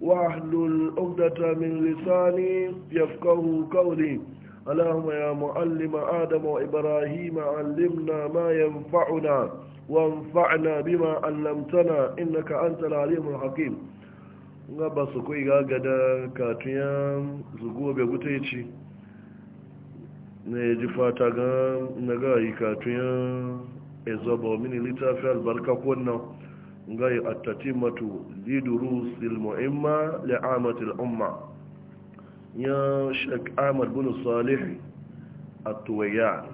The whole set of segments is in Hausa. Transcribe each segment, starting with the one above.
واحلل عقدة من لساني يفقه قولي اللهم يا معلم آدم وإبراهيم علمنا ما ينفعنا وانفعنا بما علمتنا إنك أنت العليم الحكيم nga ba su kai gagada katiyan zugo bai gute ci na ya ji fata ga na ga yi katiyan ezobo mini littafi albarka kwanan ngai at-tatimatu li durusil muhimma, li amatil umma ya shek ahmad bin salih at tuwaya.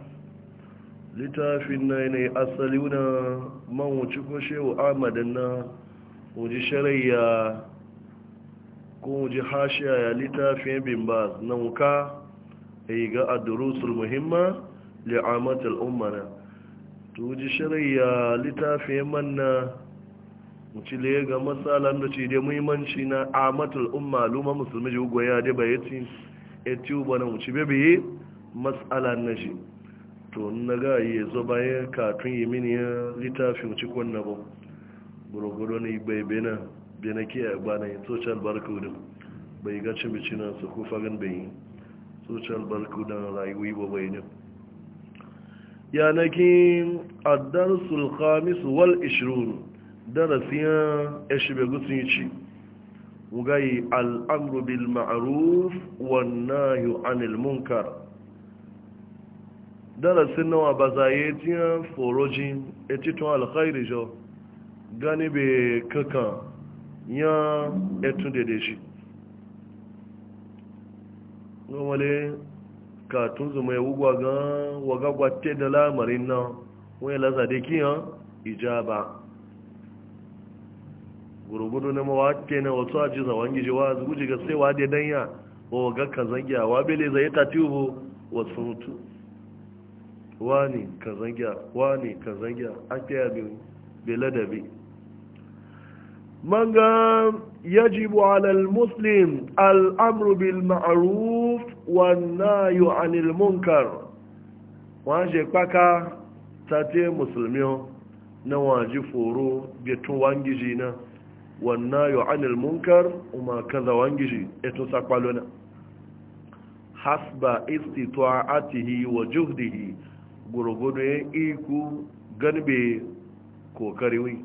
litafin na ne asaluna, man wuce ko shehu ahmad na wuji sharayya ko wuji hashiya ya litafin bin ba nan wuka yi ga ad muhimma li amatil umma na to wuji sharayya litafin manna muci da ga matsalan da ce dai muhimmanci na amatul umma luma musulmi ji goya da bai yati eti ubana muci bebe yi matsalan na shi to na ga yi zo bayan katun yi mini ya littafi muci kwanna ba gurgudu ne bai bena bena ke a gbana yi social da bai ga cin bici na su ko gan bai yi social barcode rayuwa ba bai ne yanakin addarsul khamis wal ishrun darasiyan gusun yi ci wugayi al'amru bil ma'aruf wanna yi anil munkar darasin nawa ba zaye tiyan forojin etitun alkhairi jo gani be kaka ya etun dede shi wale tun zuma ya wugwa gan wagagwa te da lamarin nan wani lazade kiyan ijaba gurugudu na mawaƙe na wasu a za wangi ji wa guji ga sai wade danya wa ga ka zangiya wa bele zai ta tubo wasu mutu wani ka zangiya wani ka zangiya an ya biyu bela da bi manga يجب على المسلم الأمر بالمعروف والنهي عن المنكر wanje kwaka tate musulmi na waji foro betun wangiji na wannan yau anil munkar umar kaza shi eto sakwalona hasba atihi wa juhdihi gurgudu yan iku ganbe kokariwi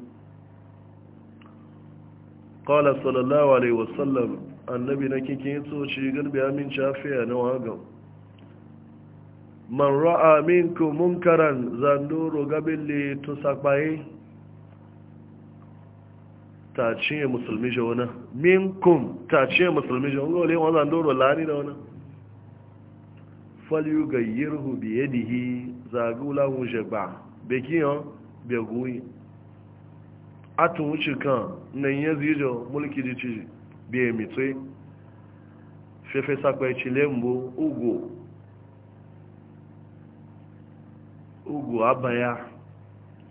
kawala sallallahu alaihi wasallam annabi na kike tsoci ganbe amin shafiya na waga man ra'a minkum munkaran gabin le to sakwaye ta cinye musulmi shi wani minkum ta cinye musulmi shi wani wale wazan doro lani da wani falyu ga yirhu biye dihi zagula wuce ba bekiyan begoyi atun wuce kan nan ya zijo mulki ji ci biye mitre fefe sakwai cilembo ugo ugo abaya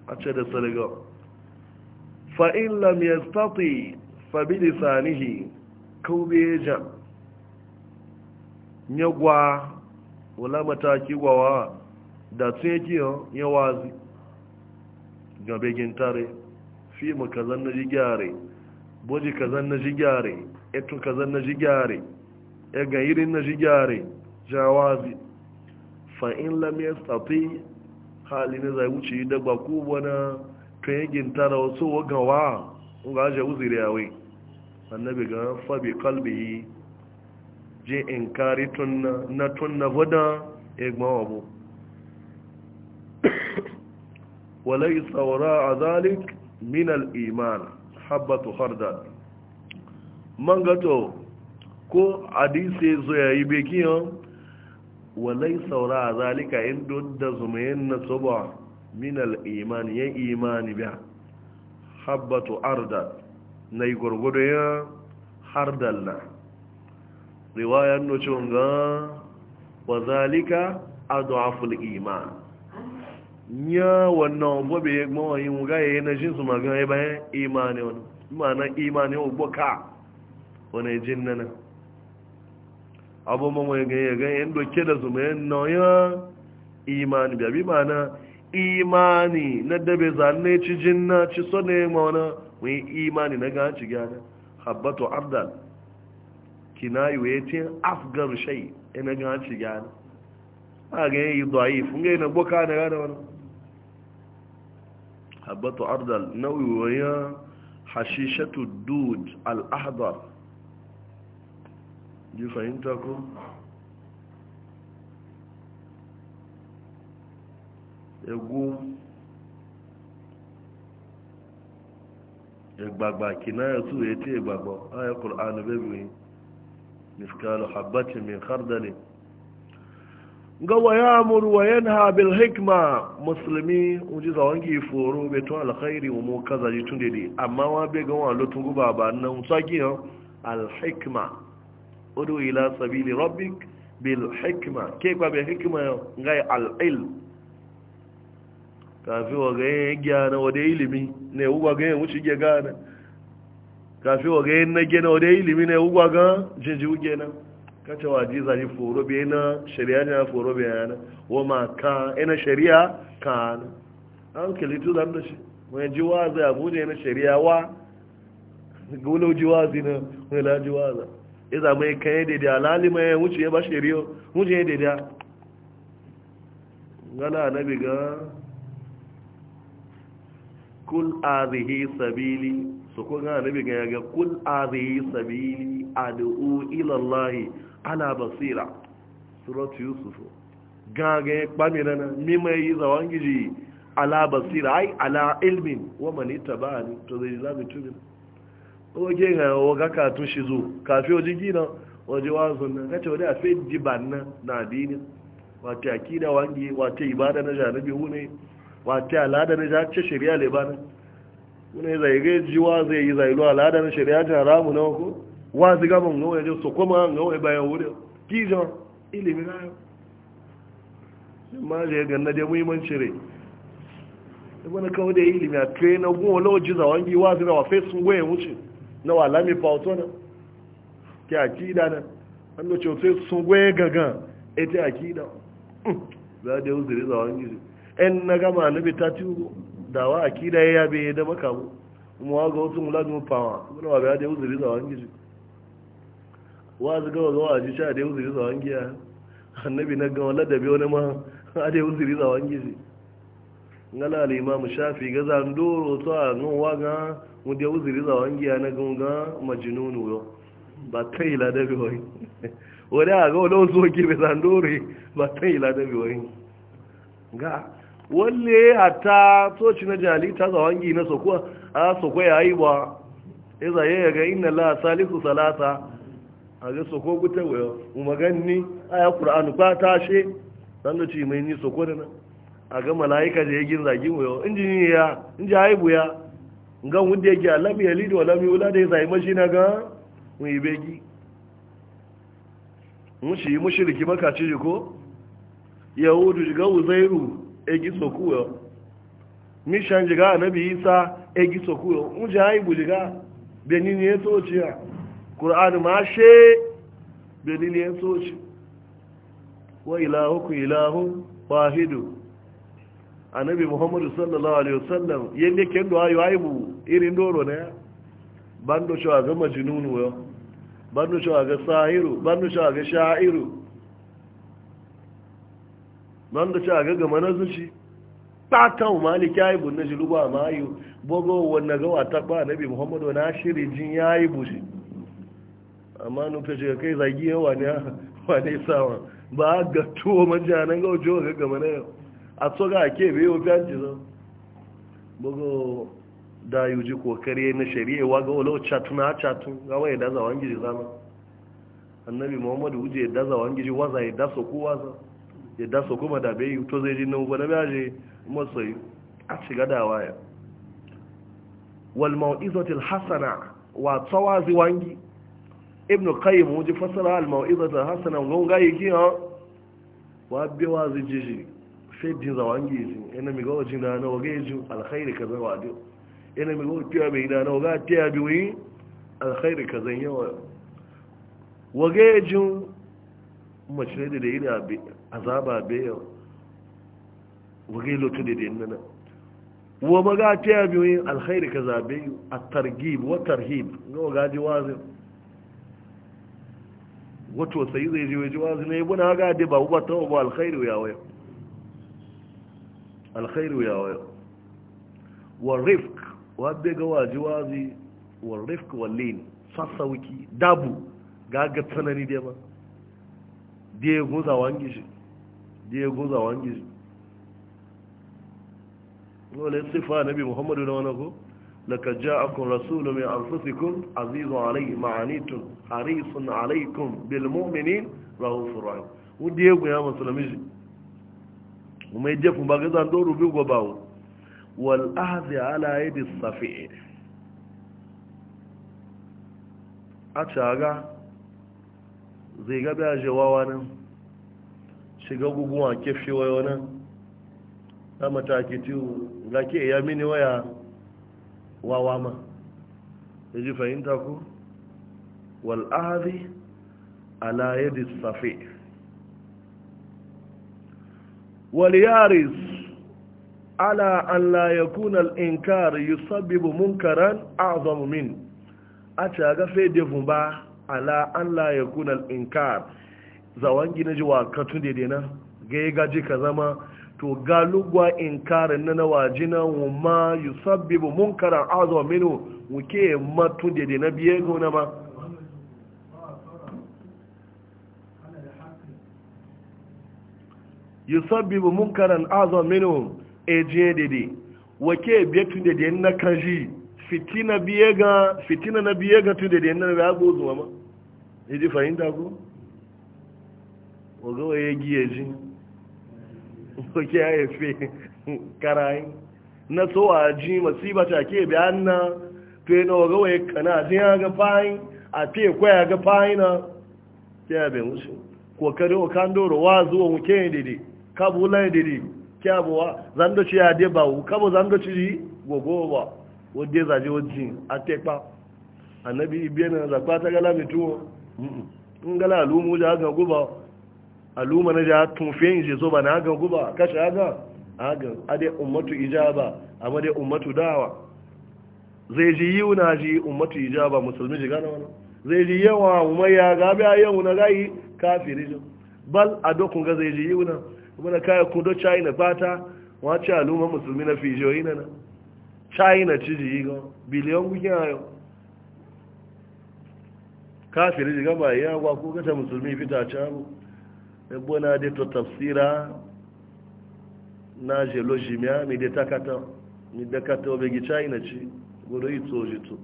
a ce da senegal fa'in lam yastati fa bi lisanihi kaubeja nyagwa wula mataki gwawa da tsekiyo ya wazi ga begin tare fi mu kazan na ji jigare boji kazan na ji gyare, eto kazan na ji gyare, e ga irin na ji jigare jawazi fa in lam yastati hali ne zai wuce da gba kubana tun yi gintara wasu wagawa ga aje uziri yawe annabi ga fabi kalbi je in kari na tun na vada egbawa abu walai tsawara a zalik minal iman, habbatu hardad man gato ko adise zo ya yi bekiyan walai tsawara a zalika inda da zumayen na tsoba min al'iman yan imani biya habbatu ardal na yi gwargwado ya hardal na riwayar nocin ga wazalika zalika adu'aful iman ya wannan bobe ya gbawa yi muga ya yi na jinsu magana ya bayan imani wani ma'ana imani ugbo ka wani jin nana abubuwan ya ganye ganyen doke da zuma yin nauyin imani biya bi ma'ana imani na dabe zane ci jinna ci so ne ma wani wani imani na ganci gane habbatu abdal yi wa ce afgar shai ina e ganci gane a ga yi da'if ngai na boka na gane wani habbatu abdal na wuyoyi hashishatu dud al'adar. ahdar ji fahimta ko egun egbagba kinaya su ya ce egbagba aya ƙul'anu bebe miskalu habbatin min khardali ga wa ya muru wa yanha bil hikma musulmi ji uji zawangi foro beto alkhairi mu kaza ji tunde di amma wa be ga wa lotun guba ba nan saki yo al hikma udu ila sabili rabbik bil hikma ke ba be hikma yo ngai al kafin wa ga yin gyana wa da ilimi ne ugwa ga yin wuce gyana kafin wa ga yin na gyana wa da ilimi ne ugwa ga jinji uge na kace wa ji zani foro be na shari'a ne foro be na. wa ma ka ina shari'a ka na. an kilitu zan da shi wani ji wazi abuja na shari'a wa gulo ji wazi na wani la ji waza iza mai kai daidai alali mai wuce ba shari'o wuce daidai gana na biga kul azihi sabili su kuma nabi ga yaga kul azihi sabili ad'u ila allah ala basira suratu yusuf gaga kpamira na mima yi zawangiji ala basira ai ala ilmin wa man ittaba'ani to zai zami tubi oge ga oga ka tun shi zo kafi oji gina waje wazon nan kace wani a fe jiban na na dini wata akida wangi wata ibada na janabi wune wata al'ada na jace shari'a lebanon wani zai gai jiwa zai yi zailu al'ada na shari'a ta ramu na wako wa zai gaban gawa yau su kuma gawa bayan wuri kijon ilimi na yau ma zai ganna da muhimmanci rai wani kawo da ilimi a kai na gun wani wajen zawon yi wa zai na wafe sun waye wuce na wa lami fauto na ke akida na an da ce sun waye gagan ita akida hmm. za da yau zire zawon gizi en na gama na bita tiwo da wa akida ya be da makamu kuma wa ga wasu mulanu fawa wani wa bai da uzuri za wangi ji wa zu ga wa a sha da uzuri za giya ya annabi na ga wala da bi wani ma a da uzuri za wangi ji ngala al imam shafi ga zan to a nun wa ga mu da uzuri za wangi na gunga majnunu yo ba ta la da bi wani a ga wala wasu wangi bai zan ba ta la da bi ga wale hatta soci na jali ta zawangi na soko a sokwa ya yi ba ya zaye ya ga inna la salisu salasa a ga soko guta wayo umaganni a ya ƙura'anu ba ta she san da ci mai ni soko da na a ga mala'ika da ya gin zagi wayo injini ya inji haibu ya gan wanda yake alam ya lido alam ya wula da ya zaye mashi na ga mu yi begi mushi shi yi maka makaci ko yahudu shiga uzairu egi sokuyo mishan jiga annabi isa egi sokuyo unje hayi buliga benin ya soci ya qur'an ma she benin ya sochi. wa ku ilahu wahidu annabi muhammadu sallallahu alaihi wasallam yende kendo ayo aibu irin doro ne bando cewa ga majnunu yo bando cewa ga sahiru bando cewa ga sha'iru man da cewa gaga manazin shi tatan malik ya yi bu na jiluba ma yi bogo wanda gawa ta ba nabi muhammadu na shirin jin ya yi bu shi amma shi ga kai zagi yawa ne wane sawa ba a ga tuwo majanan ga ojo ga gama na yau a so ga ake bai yau fiye ji zan bugu da yi ji kokari na shari'a ga wala chatun a chatun ga wani daza wangiji zama annabi muhammadu wuje daza wangiji waza ya dasa ko waza yadda so kuma da bai to zai ji nan gwada baje masai a shiga da waya wal mau'izatil hasana wa tawazi wangi ibnu qayyim wuji fasara al mau'izatil hasana ga yiki ha wa bi wazi jiji sai din zawangi ji ina mi go jin da na wage ji al khair kaza wa do ina mi go tiya bai da na waga tiya bi wi al khair kaza yawa wage ji mace da da ida bi azaba beyo wuri lotu da din nan wa maga ta biyo yin alkhairi ka zabe at targhib wa tarhib no ga ji wazi wato sai zai ji wazi wazi ne buna ga da ba uba ta uba alkhairi ya waya alkhairi ya waya wa rifq wa be ga waji wazi wa rifq wa lin sassauki dabu ga ga tsanani da ba da ya goza wangi shi da ya goza wangi wale sifa nabi muhammadu na wani ko laka ja'akum rasulu min anfusikum azizun alayhi ma'anitun harisun alaykum bil mu'minin rahufur rahim wudi yego ya musulmi umai je ba baga zan doru bi gobawo wal ahdi ala yadi safi a caga zai ga biya jewawa nan shiga guguwa ke fi wayo nan na mataki tiwo ga ke ya mini waya wawa ma ya ji fahimta ku wal'ahari ala yadi safi wal yaris ala an la yakuna al inkar yusabbibu munkaran a'zamu min a ta ga fe defun ba ala an la yakuna al inkar zawangi na ji wa tun dede na ga ya gaji ka zama to galugwa in karin na na sabbi bu mun kara azo minu wuke matu dede na biye gona ma mun kara azo minu e je dede wake biye tun dede na kanji fitina biye ga fitina na biye ga tun dede na biya gozuwa ma ya e ji fahimta ko ogowa ya giye ji oke ya efe karayi na tsowa ji masiba ta ke bi an na fe na ogowa ya kana ji ya ga fayin a fe kwaya ga fayin na ke ya bai musu kokari o kan doro wa zuwa muke ne dede kabu lai dede ke abuwa zando ci ya de bawu kabo zando ci ji gogo ba wadde zaje wajin a tekpa annabi ibiyana zakwa ta gala mai tuwo in gala alumu ja ga guba aluma na ja tun fiyin je zo ba na agan guba kashi agan agan dai ummatu ijaba amma dai ummatu dawa zai ji yiwu na ji ummatu ijaba musulmi ji gana wani zai ji yawa ya gabi a yawu na gayi kafiri ji bal a dokun ga zai ji yiwu na wani kayan kudo china fata wace aluma musulmi na fijiyoyi na na china ci ji yi ga biliyon gukin yau kafiri ji gaba ya gwa ko gata musulmi fita camu. ebo na dị to tafsira na jeology mịa mi detakata mi dekata obegi china chi goro ito ojito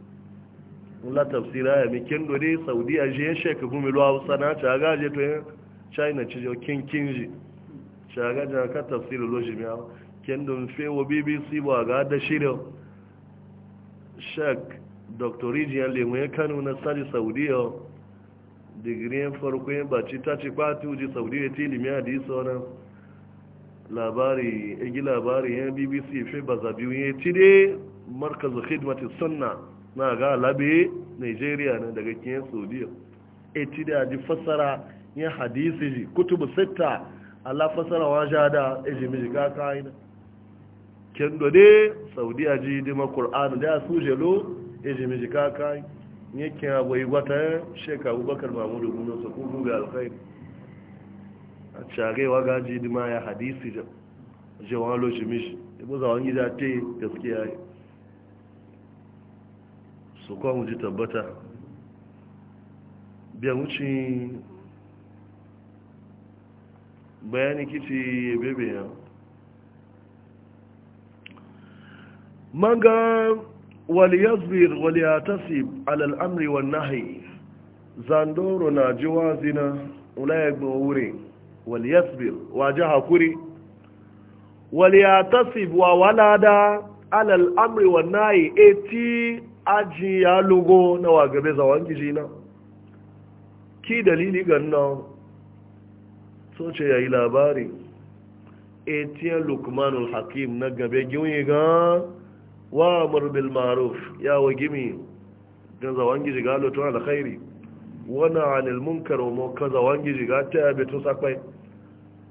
nla tafsira ya mi kendo dai saudiya ji ya shek gumilu hausa na caga je to china ci jo kinkin ji caga ja ka tafsir loji kendo mfe wo bbc bo aga da shirin shek dr region lenwe kano na sadi saudiya digirin farko yin baci ta ce kwati uji saudi ya ti limiya da yi sauran labari igi labari yan bbc fi bazabiyu ya ti dai markazin hidmati sunna na ga labe nigeria na daga kiyan saudiya ya e ti da ji fassara yin hadisi ji kutubu sita Allah fassara wa da ya e ji ka kayan kendo dai saudiya ji dima kur'an da su jelo ya e ji ka kayan yake bai wata sheka abubakar mamudu gudun su kuku ga alkhairu a carewa gaji dima ya hadisi jawon loshimishi ibu e zawon gida te gaskiya yi su kwan ji tabbata biyan wuce bayani kici bebe ya manga waliyazbir waliyatasib alal amri wan zandoro na ji jiwazina ulaya wuri waliyazbir waje hakuri waliyatasib wa walada alal amri wan nahyi eti aji ya lugo na wagabe zawan gijina ki dalili ganna so ce yi labari etiyan lukmanul hakim na gabe gwiwe gan wa murbil maruf ya wa gimi dan zawangi jiga to alkhairi wana anil munkar wa ka zawangi jiga ta yabe to sakwai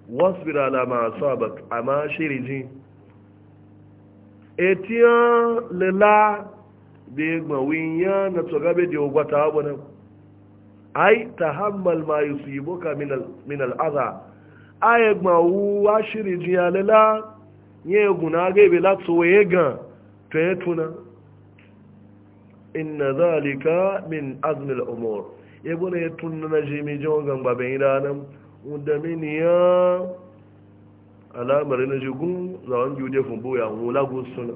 wasbir ala ma asabak ama shiriji etia lela de gbawinya na gabe de ogwata abona ai tahammal ma yusibuka min al min al adha ay gbawu ashiriji lela ye guna gebe latso ye gan to ya tuna inna zalika min azmil umur ebo ne tunna na jimi jin gamba ben idanan wanda min ya alamar na jigun za wani jude fumbu ya hula suna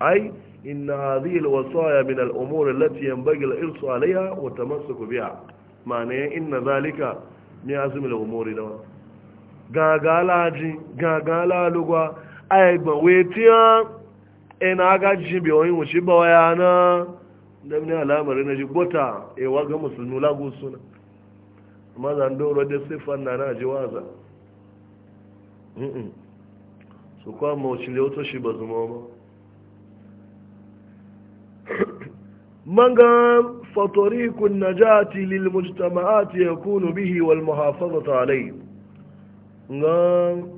ai inna wasu alwasaya min al-umur allati yanbaghi al-irsu alayha wa tamassuku biha ma'ana inna zalika min azmil umuri lawa gagalaji gagalugwa ai gbawe tiyan Eh, na ga shi bai wani wuce ba waya na da mini alamari na ji gota eh, wa ga musulmi lagu suna amma zan doro da sifan na na ji waza su kwa mawuci lewto shi ba zuma ba manga fatorikun najati lil mujtama'ati yakunu bihi wal muhafazatu alayhi ngan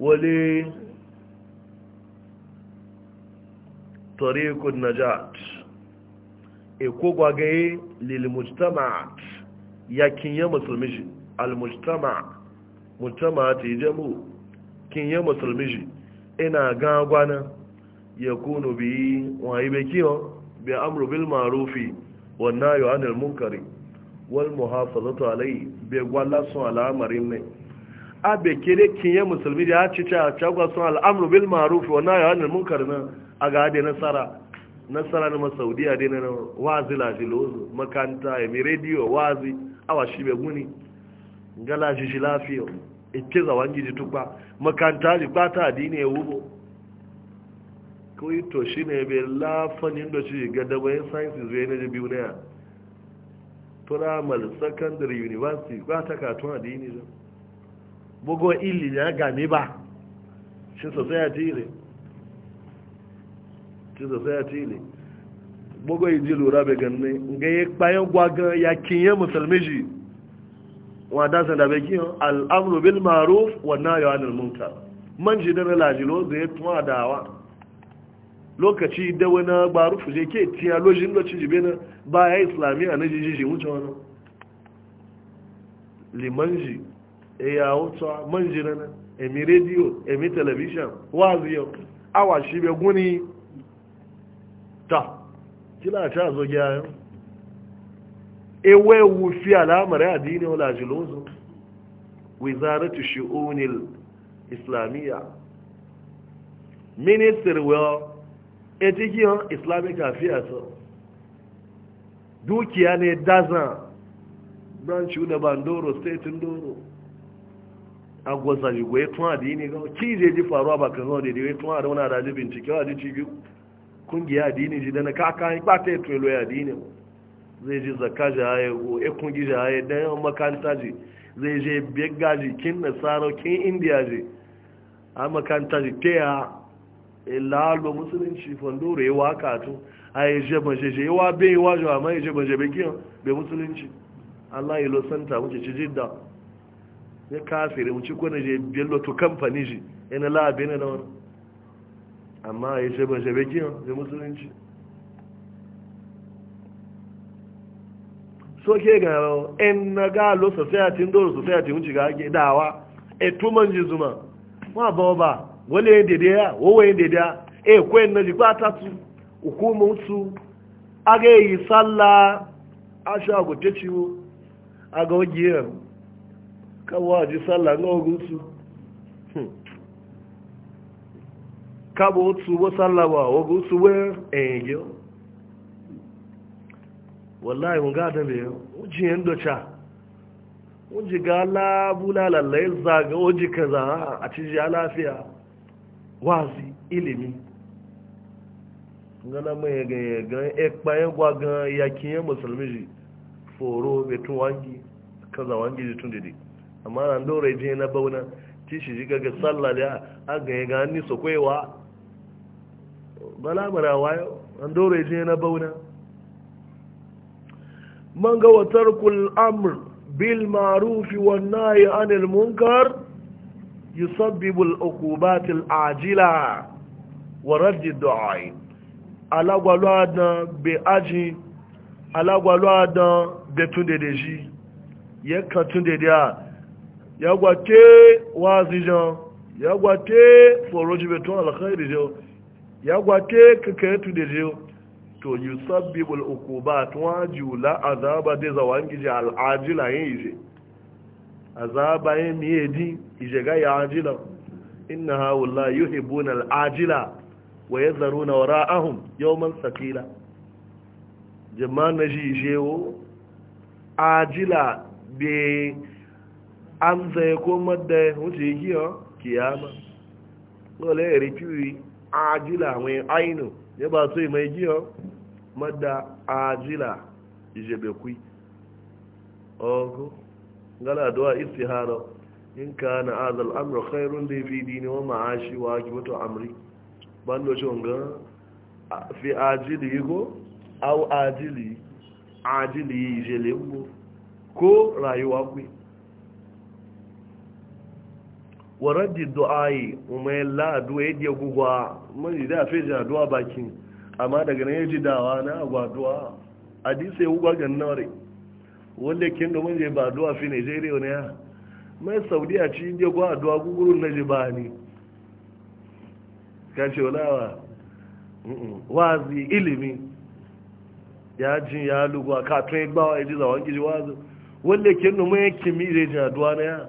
wale tariqun najat e ko gwagaye lil mujtama'at yakin ya musulmi al mujtama' mujtama'at jamu kin ya musulmi ina ga gwana yakunu bi wa ibe kiyo bi amru bil ma'rufi wan nahyu anil munkari wal muhafazatu alayhi bi gwala sun al'amarin ne abe kire kin ya musulmi da ya ci ta ta gwa sun al'amru bil ma'rufi wan nahyu anil munkari na a ga da nasara nasara na masaudiya dai na wazi lafilozu makanta ya mai rediyo wazi awa shi bai guni gala shi shi lafiya ike zawon ji tukpa makanta ji kwata adini ya wubo kawai to shi ne bai lafanin da shi ga dabayin sciences bai na ji biyu na ya primal secondary university ta katon adini zan bugo ili ya game ba shi sosai society ne ti society ne bugu yi ji lura bai ganin ga ya bayan gwaga ya kinye musulmi wa dasa sanda bai kiyo al'amru bil maruf wa nahyu anil munkar man ji da lajilo zai ya tuwa dawa lokaci da wani barufu je ke tiya lojin da ciji bena ba ya islamiyya na jiji shi wuce wani limanji ya wuce manji na na emi rediyo emi telebishan wazi yau awa shi bai guni ta kila ta zo gyayen ewe wufi alamar adini wala jilozo wizaratu shi'unil islamiyya minister well etikiyon islamic affairs dukiya ne dazan branch da bandoro state doro a gwazari gwaye tun adini ga kije ji faruwa ba kan zo da dai tun adini wani adaji bincike wa ji kungiya addini ji dana kaka yi bata ya tuwelo ya addini zai ji zaka ji haye ko e kungi ji haye dan yawan makanta ji zai je bega ji kin nasarar kin indiya ji a makanta ji ta ya e lalo musulunci fandoro ya e waka tun a yi je maje e je wa bai yi jawa ma yi je maje bai kiyan bai musulunci allah yi lo santa wuce ci jidda ya kafiri wuce kone je bello to kamfani ji yana labe na da wani amma a shaban shabe kiyan da musulunci so ga en na galo society ndoro dawa e tuman zuma wa ba wale yin dede ya wowa ya e na jikwa tatu aga yi salla asha gote ciwo ji salla kaba otu bo wa oge otu bo enyo wallahi mun ga da oji uji endocha oji ga la bulala lai zaga uji kaza a ciji alafiya. wazi ilimi ngana mai ga ga ekpa yan musulmi ji foro betun wangi kaza wangi ji tun dede amma ran dore je na bauna shi ji ga sallah da aga ga ni sokwewa bala mara wayo an dore je na bauna man ga watar kul amr bil ma'ruf wan nahy anil munkar yusabbibu al uqubat al ajila wa radd ad du'a alagwalo be aji be tunde deji ye tunde dia ya gwate wazijan ya gwate foroji al jo ya gwate ka kai tu da je to yusabbibu al-uqubat wa jula azaba de zawangi je al'ajila ajila yin je azaba yin miye di ije ga ya ajila inna haula yuhibbuna na al'ajila wa ya na ahun yau man sakila jama'a na ji jewo ajila be an zai ko madda wuce yi kiyama dole lai rikiwi ajila mai ainu ya ba so mai giyo madda ajila ijebe kui ogo gala isi haro, in ka na azal amra khairun da fi dini wa shi wa akibatu amri bando shonga fi ajili yigo au ajili ajili ijelembo ko rayuwa kui wa du'ai umma la du'a yadda guguwa mun yi da fe da du'a bakin amma daga nan yaji dawa na agwa du'a hadisi ya gugwa ganna ware wanda kin da mun je ba du'a fi Nigeria ne ya mai a cikin je gwa du'a gugurun na jibani ce wala wazi ilimi ya jin ya lugwa ka tun gbawa yaji zawon gidi wazi wanda kin da mun kimi zai ji na ya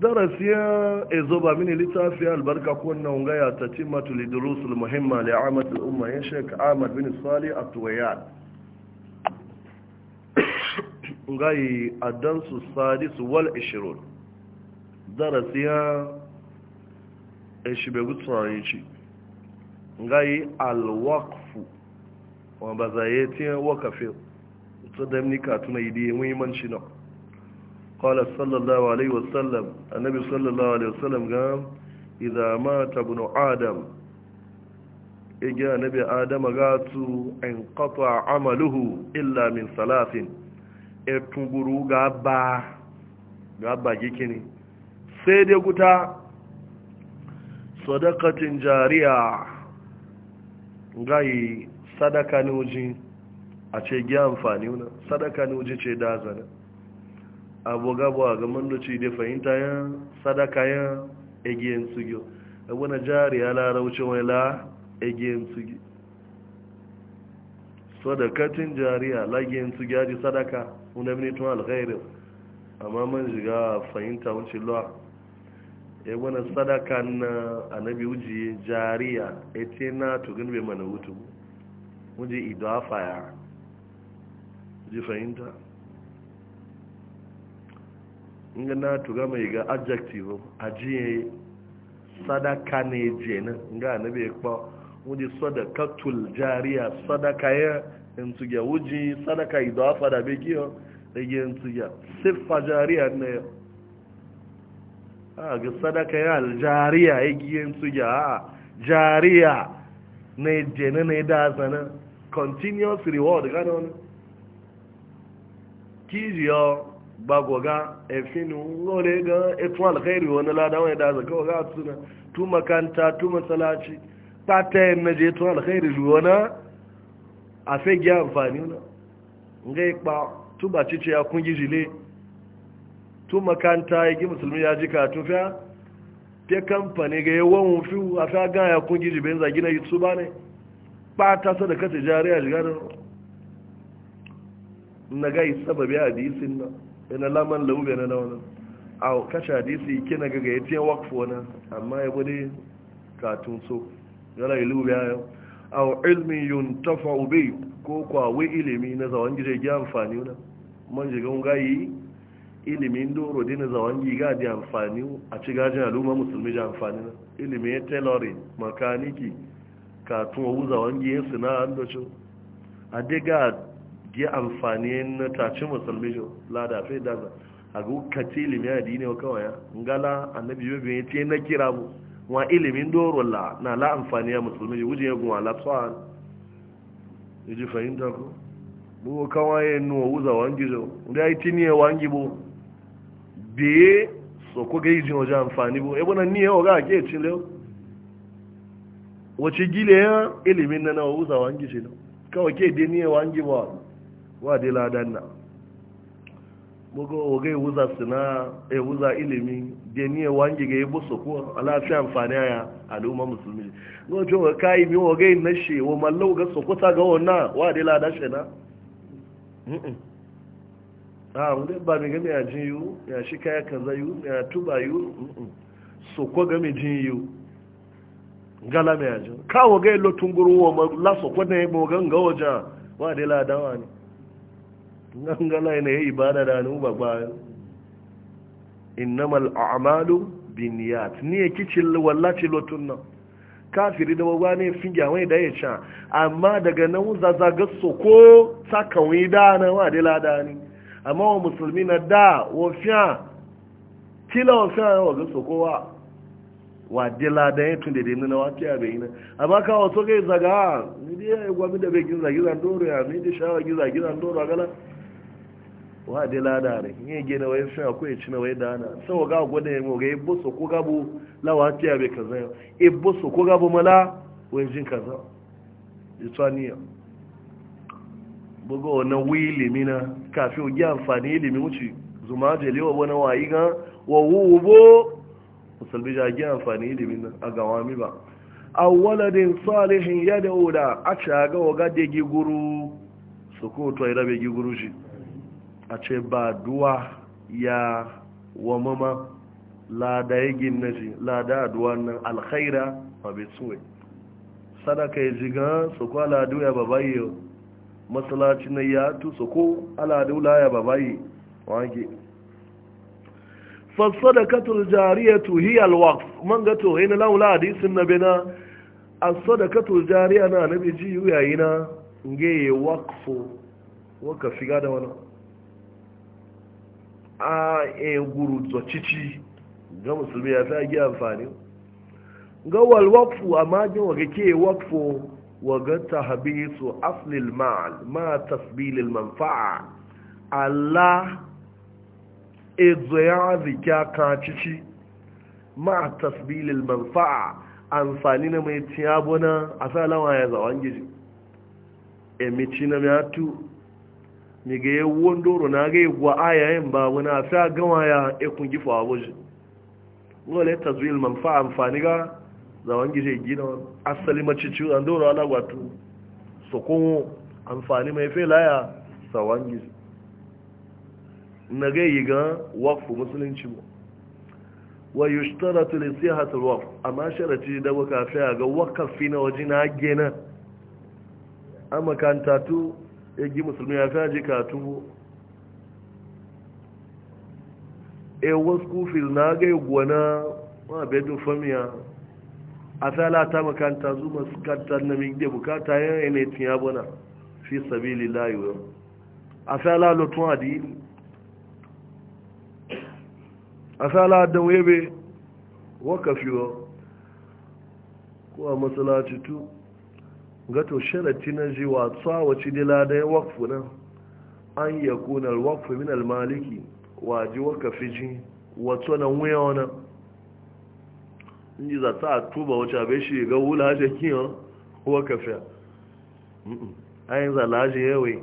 darasiya ya zo ba mini littafi albarka ko na wungaya ta cimatu lidurusul muhimma li amat umma ya shek ahmad bin sali a dan su sadi su wal ishirun darasiya ya a gutsunan ci ngayi alwakfu wa ba zaye tiyan wakafin ita damnika tuna yi muhimmanci na قال صلى الله عليه وسلم النبي صلى الله عليه وسلم قال إذا مات ابن آدم إجا نبي آدم غاتو انقطع عمله إلا من ثلاث إتنبرو غابا غابا جيكني سيدي قتا صدقة جارية غاي صدقة نوجي أتشي جي أنفاني صدقة نوجي تشي دازنه abu gaba ga mandoci da fahimta ya sadaka ya egiyan tsugiyo abu na jari ya larauci wai la egiyan tsugi sadakatin jariya lagiyan tsugi ya ji sadaka wani ni tun alkhairin amma man shiga fahimta wuce lo'a ya gwana sadaka na anabi uji jariya ya ce na tugun bai mana wutu wuji idafa ya ji fahimta nga na tuga mai ga adjective ajiye sadaka ne je na nga na be kpa wudi sadakatul jariya sadaka ya in tuga wuji sadaka idafa da be giyo da e ge in tuga sifa jariya ne a ga sadaka ya aljariya ya e giyo in tuga a jariya ne je na ne da zana continuous reward ga na wani kijiyo ba goga efin ngole ga etu alkhairi wani lada wani da zaka ga tsuna tu makanta tu masalaci pata na je tu alkhairi luwana a fe gi amfani na nge pa tu ba cice ya kungi jile tu makanta yi gi musulmi ya ji ka tu fa te kamfani ga yawan fi a fa ga ya kungi jibe za gina yutsu ba ne pata sadaka tijariya jigarin na gai sababi hadisin nan ina laman laube na wani a kashe hadisi kina gaga ya tiyan wakfo na amma ya bude katun so yana yi laube ya yau a ilmi yun tafa ube ko kwawe ilimi na zawon gije ya amfani na man jigan gayi ilimin doro dina zawon giga di amfani a ci gajin al'umma musulmi ji amfani na ya tailoring makaniki katun gi ya suna an docin a dega ya amfani na tace musulmi jo lada fai daza a ga kace ilimi adini wa kawai ya ngala annabi yo bin ce na kira mu wa ilimin doro la na la amfani ya musulmi jo wuje ya gun ala tsan yaji fahimta ko mu kawai no wuza wangi zo da ai tini ya wangi bo be so ko ga yijin waje amfani bo e bona ni ya ga ke cin lewo wace gile ya ilimin na na wuza wangi shi kawai ke dai ni ya wangi bo wade ladan na bugu oge wuza suna e wuza ilimi da ni e wangi ga yebo soko alafiya amfani aya al'umma musulmi no jo ka e kai mi oge e na she wo mallo ga soko ta ga wona wade ladan she na mm ah mun ba mi ga mi ajin yu ya shi kaya kaza yu ya tuba yu soko ga mi jin yu ngala mi ajin kawo ga lo tunguru wo ma la soko ne bo ga ngawo ja wade ladan wa ne nan gala ne ya ibada da hannu ba ba innamal a'malu bin ni ya kicin wallaci lotun nan kafiri da wagwa ne fi gyawai da ya can amma daga nan ga so ko kawai da na wa da ni. amma wa musulmi na da wa wofiya kila wa na waga so kowa wa da ya tun da dai nuna wa kiya bai na amma ka wato kai zaga ni dai ya gwamnati da bai gizagizan doro ya mai da shawa gizagizan doro a gala wa de lada re nye ge na wai sai akwai ci na wai dana so ga gode mu ga ibo ko gabu lawa tiya be kaza ibo e ko gabu mala wai jin kaza itaniya e bugo na wili mina kafin ogi amfani ilimi wuce zuma jeli wa yi wayi ga wawu bo musulmi jagi amfani ilimi na a gawami ba a waladin salihin ya da oda a shaga wa gade giguru su ko to irabe giguru shi a ce ba duwa ya wa mama lada ya gina shi lada duwa nan alkhaira ba bai tsuwe sadaka ya jiga su ko aladu ya babaye masalaci na ya tu su ko aladu la ya babaye wange fasadakatul jariyatu hiya alwaqf man ga to hina laula hadisin nabina da sadakatul jariya na nabi ji yayi na nge waqfu waka figa da wannan a e guru zocici ga musulmi ya ta gi amfani ga wal waqfu amma jin wa ke waqfu wa ga tahbisu asli al ma'al ma tasbil al manfa'a Allah e zoya zika ka cici ma tasbil al manfa'a amfani na mai tiyabona asalawa ya zawan gizi emici na mai hatu mi ga yawon doro na ga yi gwa ayayen ba wani a fi gawa ya ikun gifa a waje wale ta zuwa ilman fa amfani ga zawon gije gina asali macici an doro ala wato su kuma amfani mai fi laya zawon gije na ga yi ga wakfu musulunci mu wa yi shtaratu da sihatar wakf amma sharaci da waka fi ga wakafi na waje na gina a makantatu egi musulmi ya kaji katu e wasu kufil na gai gwana ma bedu famiya a tsala ta makanta zuwa masu kantar na migde bukata yan enetin ya bana fi sabili layo a tsala lotun adini a tsala da webe wakafiwa ko a matsala tu gato sharati na ji watsa wace dila da ya wakfu nan an yi kunar wakfu min almaliki ji waka ji wato na wuya wana inji za ta tuba wace abe shi ga wula haje kiyan waka a ayin za laje yawai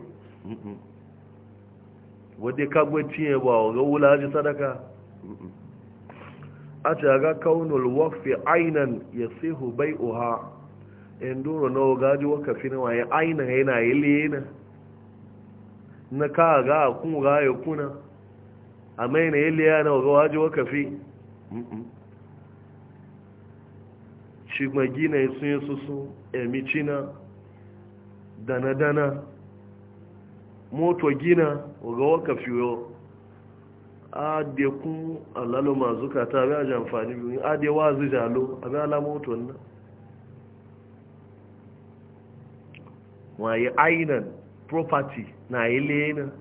wadda kagbe tiye ba ga wula haje sadaka a ce ga kaunar wakfi ainihin ya sihu bai'uha In enduro na gaji waka fina waye aina yana liyana na ka ga a kun ga ya kuna amma yana yelena na ga waji waka fi shi magina sun yi susu emicina dana dana moto gina ga waka fiyo adekun alalo mazuka ta bi a jamfani biyu adewa zijalo a bi ala moton nan waye ainan property na na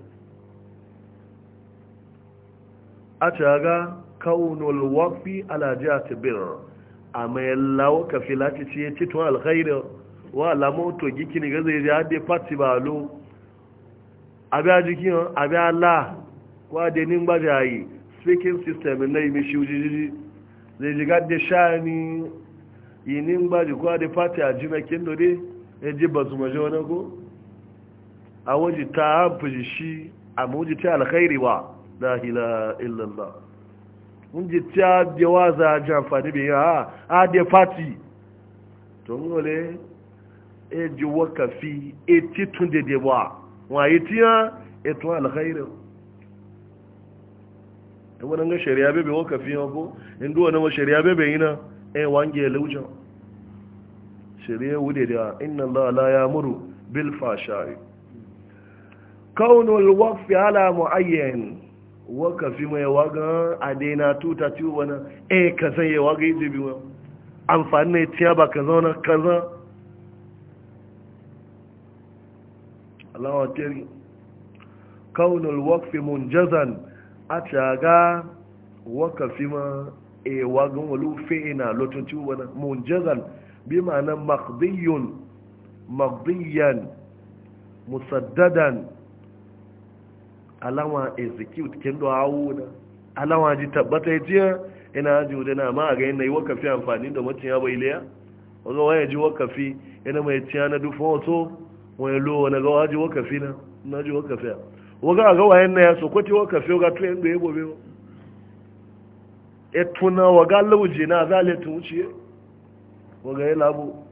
a caga kaunul wafi alajati bir a mai lawaka filaci ce titun alkhairar wa lamoto gikini ga zai jade fati ba lo abi a jikin abi ala kwa da nin gbajayi speaking system na imi shi ujijiji zai jiga da shani yi nin gbaji kwa da fati a jinakin dore ji ba su maje wani ko a waje ta hafi shi a waje ta alkhairi ba Na hila illallah mun ji ta da waza a ji amfani bai ha ah, a da fati to ngole e ji wakafi e tun da da ba wa yi tiya e to alkhairi wani wannan ga shari'a bai wakafi ko in duwa na shari'a bai bai yana e eh, wange laujan shirye wude da inna Allah la muru bil fashai kaunul waqfi ala muayyan waqfi mai waga adena tuta ci wana e kaza ya waga ijibi wa amfani tiya ba kaza na kaza Allah wa mun jazan waqfi munjazan ataga waqfi ma e waga walu fi'ina lotun ci mun jazan. bi ma'ana maqdiyun maqdiyan musaddadan alama execute kin do hawo da alama ji tabbata yace ina ji wudana ma ga yin wakafi amfani da mutun ya bai liya wanda waye ji wakafi ina mai tiya na dufa wato wani lo wani ga waje wakafi na na ji wakafi waga ga wayan na ya so kwati wakafi ga to yin da yabo bewo etuna waga lauje na zalatu wuciye waga yi labu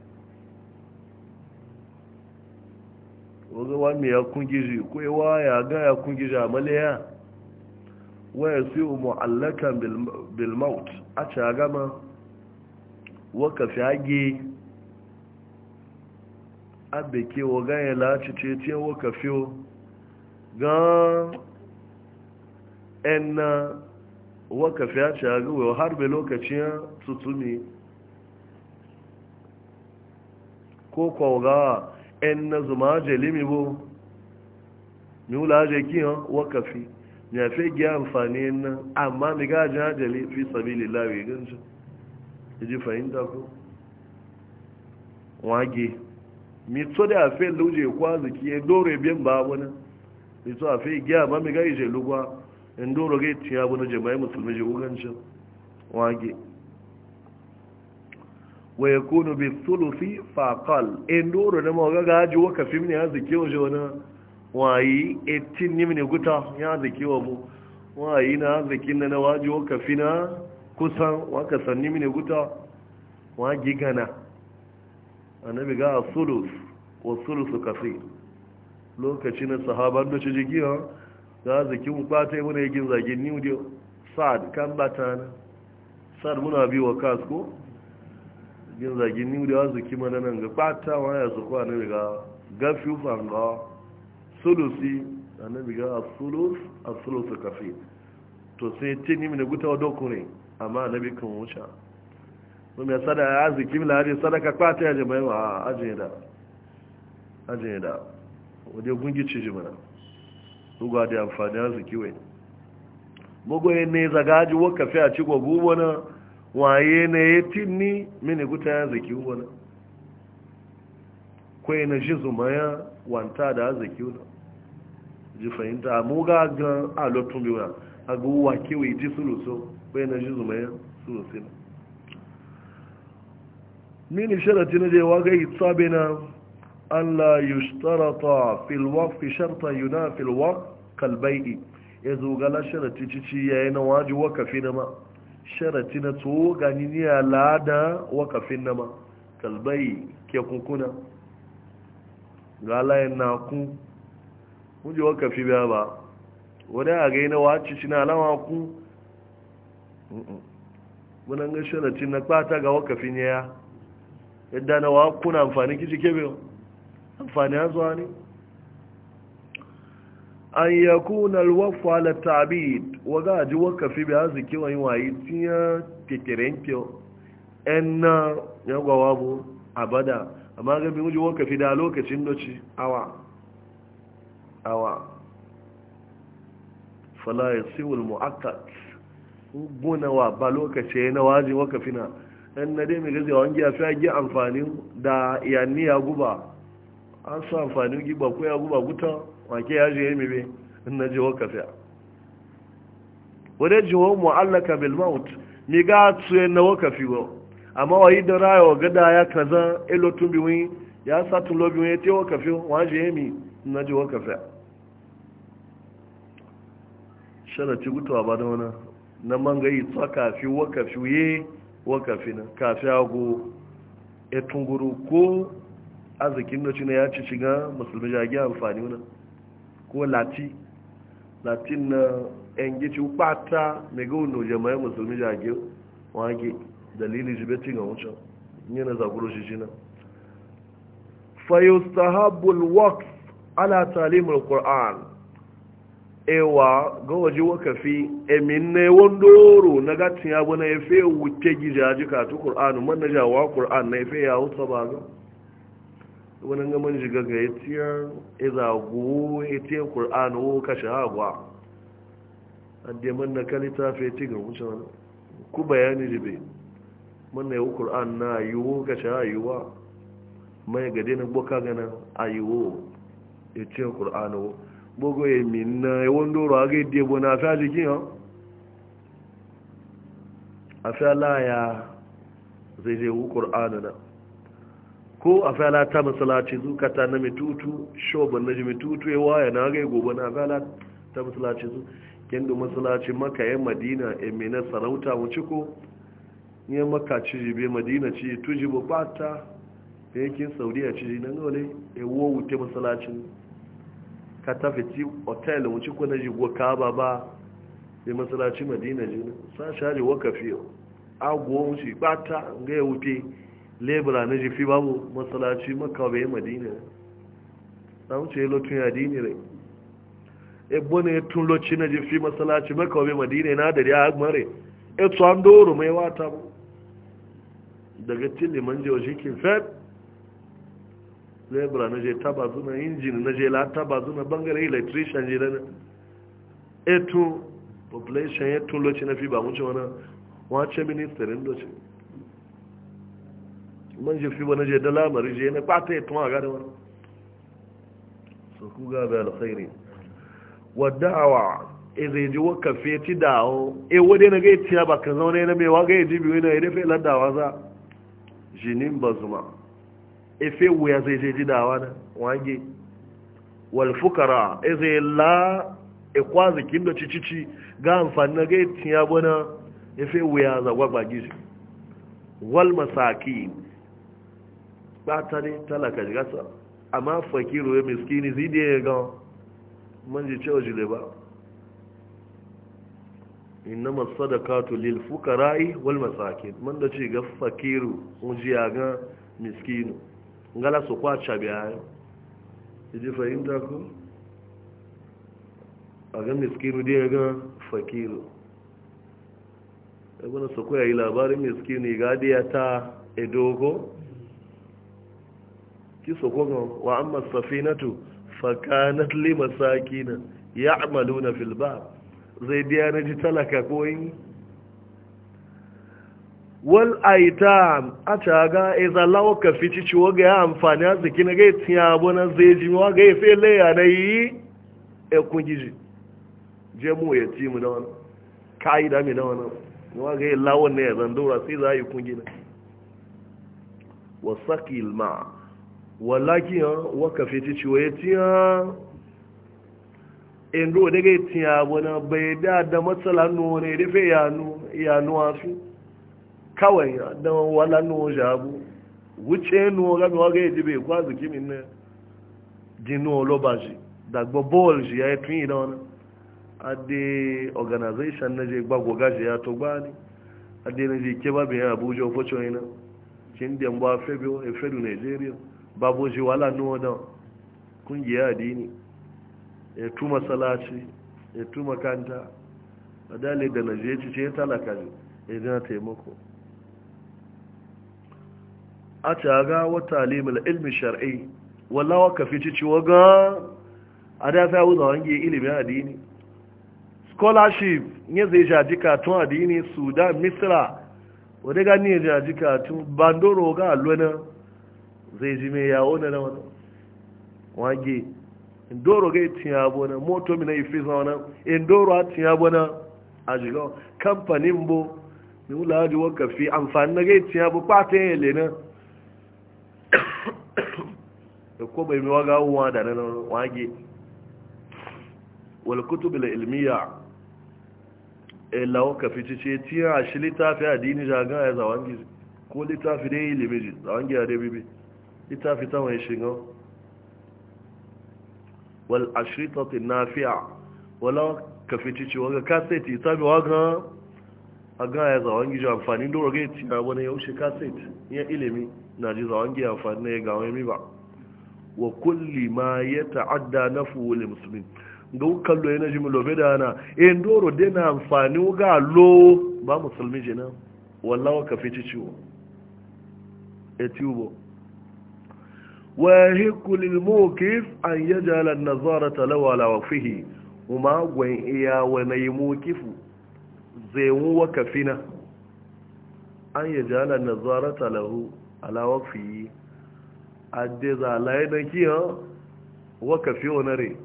waga wani ya kungiji ko ya ga ya kungiji a maliya waya su yi mu'allakan bilmaut a cagama waka fi hage abeke waga ya laci ce ce waka fi gan yan na waka fi a cagawa har bai lokacin tutumi ko kwaga en na zuma jelimi bo mi wula je kiyan wakafi ya fi giya amfani na amma mi gajin hajjali fi sabili lawi ganci ya e ji fahimta ku wage mi to da afe luje kwaziki ya dore biyan ba wani mi to a fe giya e e ba mi gaji jelugwa in doro ga tiya wani jama'i musulmi je ugancin wage wa ya kunu bi sulusi faƙal in e, doro na gaga gaji waka fi ne ya zike wa jona wayi 18 e ne mini guta ya zike wa mu wayi na zikin na waji waka na kusan waka ni mini guta wa gigana annabi ga sulus wa sulusu kafi lokaci na sahaban da shi jigiya za ziki mu kwata yi muna yi gin zagin mu. deal sa'ad kan batana sa'ad muna bi wa kasko gin zagin ni da wasu kima na nan ga kwata wa ya zuwa a biga gafi fanga sulusi a biga a sulus a sulusu kafi to sai ce ni mina gutawa doku ne amma na bi kan wuce mun mai sada ya ziki mila hajji sadaka kwata ya jama'i wa ajin da ajin da waje gungici jimana ruga da amfani ya ziki wai mugoyin ne zagaji wakafi a ci gugu na waye na ya tinni mini guta ya zaki wani kwai na shi zumaya wanta da zaki wani ji fahimta a muga ga alotun biyu a ga uwa kewa ji suluso kwai na shi zumaya sulusi na mini sharati na jewa ga itsabe na an la filwa fi sharta yuna filwak kalbai'i ya gala sharati cici yayi na waji wakafi na ma sharati na tsoho gani ni ya lada wakafin nama kalbai ke kunkuna ga layin na kun kuje wakafi biya ba wani a gaina wacce shi na alama ku? munan ga sharati na kpata ga wakafin ya yadda na wa kuna amfani kici kebe amfani ya zuwa ne an kuna alwafu ala ta'bid waga ji wakafi bi haziki wa yiwayi tiya kekerenkyo enna ya gwawa mu abada amma ga waka fi da lokacin noci awa awa falaye siwul mu'akkad gona wa ba lokaci na waji fi na dai mai gazewa wangiya fi gi amfani da yanni ya guba an sa amfanin giba ko ya guba guta wake ya je mi in na je waka wadda jiwo mu'allaka bil maut mi ga tsuye na wakafe fi amma wa yi da wa gada ya kaza ilo e tumbi wi ya sa tun lobi wi te waka fi wa je mi in na je waka fiya sharati gutuwa ba da wani na mangayi tsaka fi waka fi ye waka na kafi ago etunguru ko arzikin da cina ya ci shiga musulmi jage amfani wuna ko lati latin na yan gici kwata mai gawun na jama'ai musulmi jage wage dalilin jibetin ga wucin yana zaguro shi jina Sahabul waqf ala talimul qur'an ewa ga waje wakafi eminne wondoro na gatin ya bana ya fe wuce gijaji ka tu qur'an man na jawa Kur'an na ya hutsa ba ga wani gaman shiga ga ya tiyar izagu ya tiyar ƙur'an wo kashe a addeman na kalita feti ga wuce wani ku bayani jibe manna yi ƙur'an na yiwu ka hayuwa mai gade na boka gana a wo ya tiyar ƙur'an wo gbogbo ya minna ya wando ruwa ga idiyar bu na fi a jikin ha a fi alaya zai zai wu ƙur'an na ko a fela ta masalaci zukata na mitutu shobar na ji mitutu ya waya na gai gobe na fela ta masalaci su? kendo masalaci maka yan madina ya mena sarauta mu ciko ya maka ciji be madina ci tuji bu bata da yankin a ciji nan gole ya wo wute masalacin ka tafi ci otel mu ciko na ji go ba ba ya masalaci madina ji na sa shari wakafi agwo mu ci bata ga ya wute lebura na jifi babu matsalaci ya madina na wuce lotun ya dini rai ebo ne tun loci na jifi matsalaci makawaye madina na da ya agmare etu an doro mai wata mu daga tili man jiwa jikin fed lebura na je taba zuna injini na je la taba zuna bangare electrician je dana etu population ya tun loci na fi ba wuce wani wace ministerin loci man je fi wani je da lamari je na kwata ya tun a gada wani su ku gaba alkhairi wa da'awa e zai ji waka ya ci da'o e wadai na gai tiya ba kan zaune na mewa gai ji biyu na ya dafe ladawa za jinin ba zuma e fe wuya zai je ji da'awa na wange wal fukara e zai la e kwazikin da cicici ga amfani na gai tiya bana e fe wuya za gwagbagi wal masakin ba ta ne talaka ji gasa amma fakiru ya miskini zidiyar ya gawa manji cewa jile ba da sadakatu lil fukara'i wal masaki. man da ce ga fakiru ya ga miskinu ngala su kwacha biya ji fahimta ku a ga miskinu ya ga fakiru ibn su koya yi labarin miskinu ga diya ta edogo kisa kuma wa amma safinatu fakanat li masakina ya'maluna fil bab zai biya na ji talaka ko yi wal aitam a caga e eh, zalawa ka fici ciwo ga ya amfani na tiya bona zai ji ga ife laya e kun giji je mu ya mu da da mi da wani wa ga yi lawon ne ya zandura sai za yi kun gina ma wallaki yan waka fiti ciwo ya tiya indo daga ya tiya wani bai da da matsala nuna ya dafe yanu a fi kawai ya da wala nuna shabu wuce nuna gami waga ya jibe kwazu kimin na jinu oloba shi dagba bol shi ya yi tun yi da wani ade organization na je gbagwaga shi ya to gbani ade na je keba bayan abuja ofocin yana febio e nigeria babu shi wala nuwa da kungiya dini ya tuma masalaci ya tuma kanta a dalil da na je ci ce talaka ne ya jina taimako a taga wata limul ilmi shar'i wallawa ka fi cici waga a da ta wuza wange ilimin addini scholarship ne zai jaji katun addini sudan misra wadda gani ya jaji katun bandoro ga alwana zai ji mai yawo na wani wage indoro ga itin yabo na moto ife zama zauna indoro a tin yabo na a jiga kamfanin bo ni wula haji waka fi amfani na ga itin yabo pata yin yale na da ko bai miwa ga wuwa da nan wage wal kutub al ilmiya e la waka fi cice tiya shi littafi a dini jagan ya zawangi ko littafi dai ilimi zawangi ya dai bibi ita fita mai shiga wal ashritati nafi'a wala ka fici ci waga cassette ita bi waga a ga ya zawon gijo amfani da waga ci na wani yaushe cassette ya ilimi na ji zawon gijo amfani ya ga wani ba wa kulli ma ya ta'adda nafu wal muslimin ga kallo yana ji mulobe da ana in e doro dena amfani ga lo ba musulmi jina wallawa ka fici ciwo etiubo wahiku lilmokif an yi jalar nazara talawala wa fihi kuma gwen iya wane yi mokifu zai wuwa kafina an yi jalar nazara talahu alawa fiye a da zalaye na kiyan wakafi onare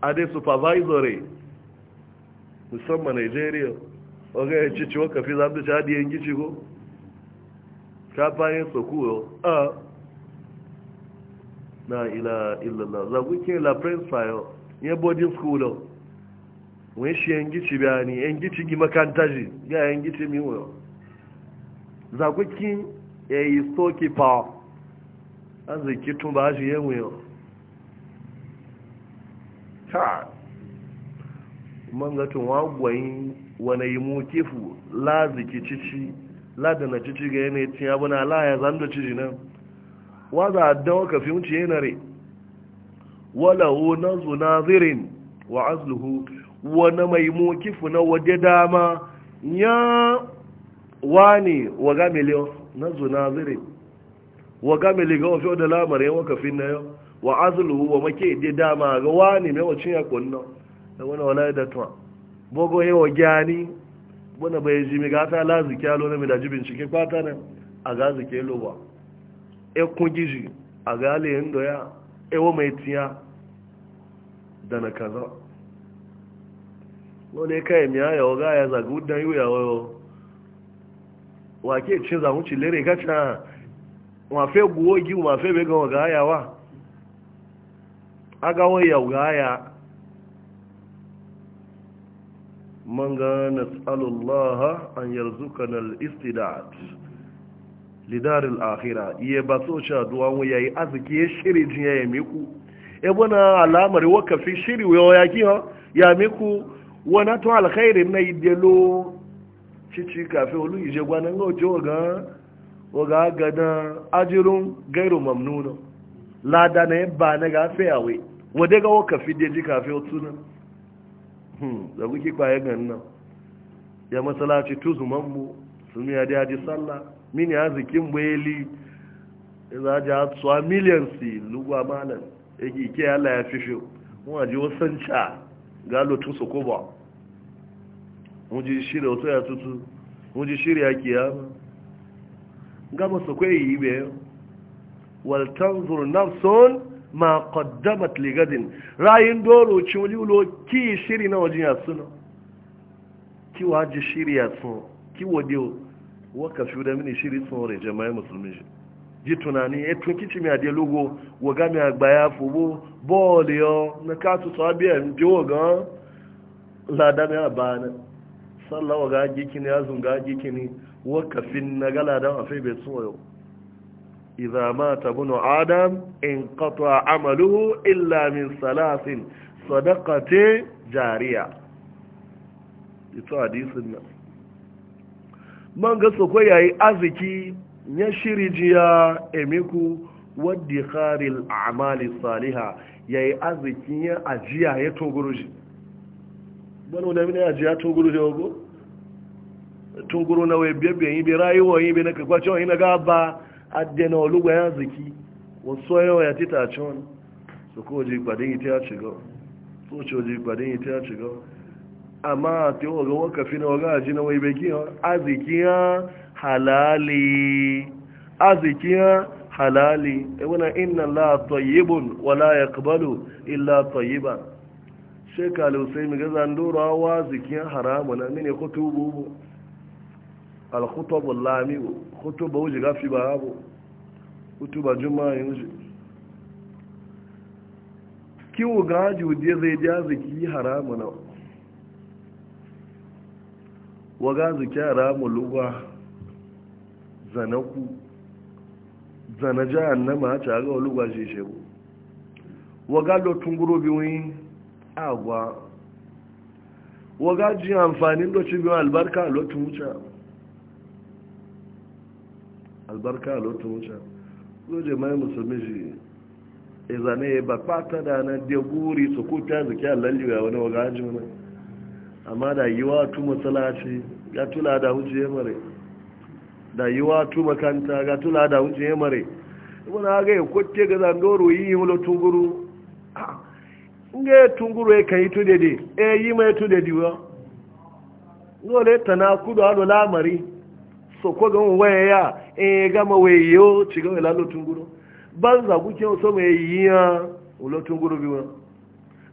a da supervisory musamman nigeria oga ya cici wakafi zamtace adiyan gici ko ka fahimta kuwa a la ila illallah za ku ke la prince fayo ya Bodi school wani shi yan gici ni, yan gici gima makanta ji ya yan gici mi wo za ku ki ya e yi stoki pa zaki tun ba shi yan wuyo ta man ga tun wagwayin wani yi mokifu la zaki cici la da na cici ga yanayi tiya bana la ya zando cici nan waza addawa ka fi wuce yanare walahu na zunazirin wa azluhu wani mai mokifu na waje dama ya wani waga miliyon na zunazirin waga miliga wafi wadda lamarin yawon kafin na yau wa azluhu wa maki je dama ga wani mai wacin ya kunna da wani wala da tuwa bogo wa gyani wani bai ji mi gata laziki alo na mi da jibin cikin fata ne a ga zike ba. ekun gizi a galiyin da ya ewo mai tiya da na kaza wani kai miya ya waga ya zaga wudan yiwu ya wayo wake cin zamuci lere gacha mafe guwo gi mafe began waga ayawa aga waya waga aya man ga nas'alullaha an yarzuka na istidad Lidarin akhira iye ba so cha duwa mu yayi aziki ya shiri jin ya miku e bona alamar wakafi shiri yo ya ki ha ya miku wana to alkhairi na idelo cici kafe olu ije gwanan go jo ga o ga gada ajirun gairu mamnuna lada ne ba na ga fe awe wode ga wakafi de ji kafe otuna hmm da kuki kwaye ganna ya masalaci tuzuman mu sun ya daji sallah mini arzikin bayeli za a ji hatsuwa miliyan si lugwa malam egi ke yalla ya fishe wọn ji wasan ca galo tun su kuba wọn ji shirya wasu ya tutu wọn ji shirya ma gama su kwaye yi bayan waltanzur nafson ma qaddamat li gadin rayin doro ciwulo ki shiri na wajen ya suna ki waje shiri ya sun ki wadewa waka shi da mini shiri tsore jama'i musulmi shi ji tunani ya eh, tun kici mi ade logo waga mi agba ya fubo bọ́ọ̀lù yọ na kátù tó abẹ́ ń bí wọ́n gan lada mi àbá na sallá waga gikini azun ga gikini waka fin na gala da wafe bai tsoyo idza mata bunu adam in qata amaluhu illa min salasin sadaqati jariya ito hadisin nan man ga soko yayi arziki ya shiri jiya emiku wadda kharil amali saliha yayi arziki ya ajiya ya toguruji bana wani mini ya ajiya toguruji ogo tunguru na wai biyabbe yi bi rayuwa yi bi na kakwacewa yi na gaba adena olugba ya arziki wasu yawa ya tita a cewa su ko ji gbadin ita ya shiga so ce ji gbadin ita a shiga ama ta yi ga wakafi na waga aji na waibeki azikiya halali azikiya halali wana inna la tayyibun wala yaqbalu illa tayyiba sheka al-husayn ga zandura wa zikiya haramu na mine kutubu al-khutubu lami khutubu wuji gafi ba abu khutuba juma'a yanzu kiwo gaji wuje zai ja ziki haramu na waga zikiyara muluwa zanaku zana jahannama ta aga oluwa shi shebu waga lo lotun gurobi wani agwa waga ji amfani amfanin ci biyu albarka lotun wuce albarka lo lotun wuce je mai musulmi ji e zane ba pata da na deguri su kuta zikiya lalliwa wani waga ji wani amma da yi wa matsala ce ga tula da wuce ya mare da yi wa tu makanta ga tula da wuce ya mare wani aga ya kwace ga zangoro yi yi wula tunguru nga ya tunguru ya kan yi tu dede e yi mai tu dede wa dole ta na kudu alo lamari so ko gan waya ya e gama wayo ci gama lalo tunguru ban za kuke so mai yi ya wula tunguru biyu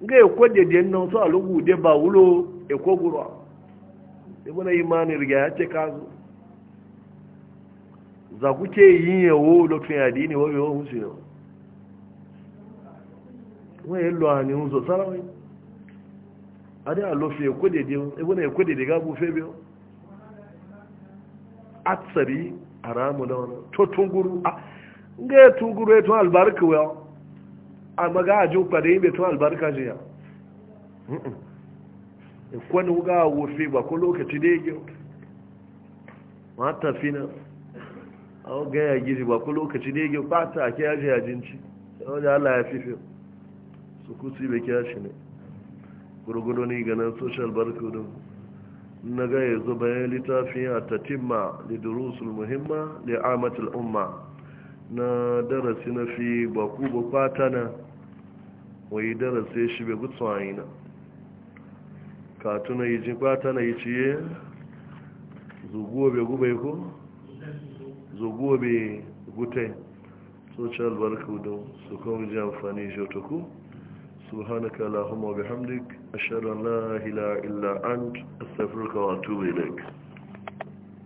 nga ekwe dede nna nso alụgwu ude ba ụlọ ekwegwuru ebe na imani riga ya cheka azụ zakwuche eyi ihe wo ụlọ triadi ị na-ewe ohu si ya nwa ya lụọ anyị ụzọ sara anyị adị alụfe ekwe dede ebe na ekwe dede ga bụ febe atsari ara amụ na ọrụ tụtụ nguru nga etu nguru etu albarkwel amma ga ajo kwade bai to albarka jiya e kwani ga wofe ba ko lokaci da yake mata fina a ga ya gizi ba ko lokaci da yake ba ta ake yaji yajinci wajen Allah ya fi fife su kusi bai kya shi ne gurgudu ne ganin social barcode na ga ya zo bayan littafin a tatimma da durusul muhimma da amatul umma na darasi na fi baku bakwata na wai darasi shi bai gutsu aina Ka tuna yi jikwata na yi ciye zuguwa bai gubai ko zuguwa bai gutai social barka da su kawo ji amfani jotoku سبحانك اللهم وبحمدك أشهد أن لا إله إلا أنت أستغفرك وأتوب إليك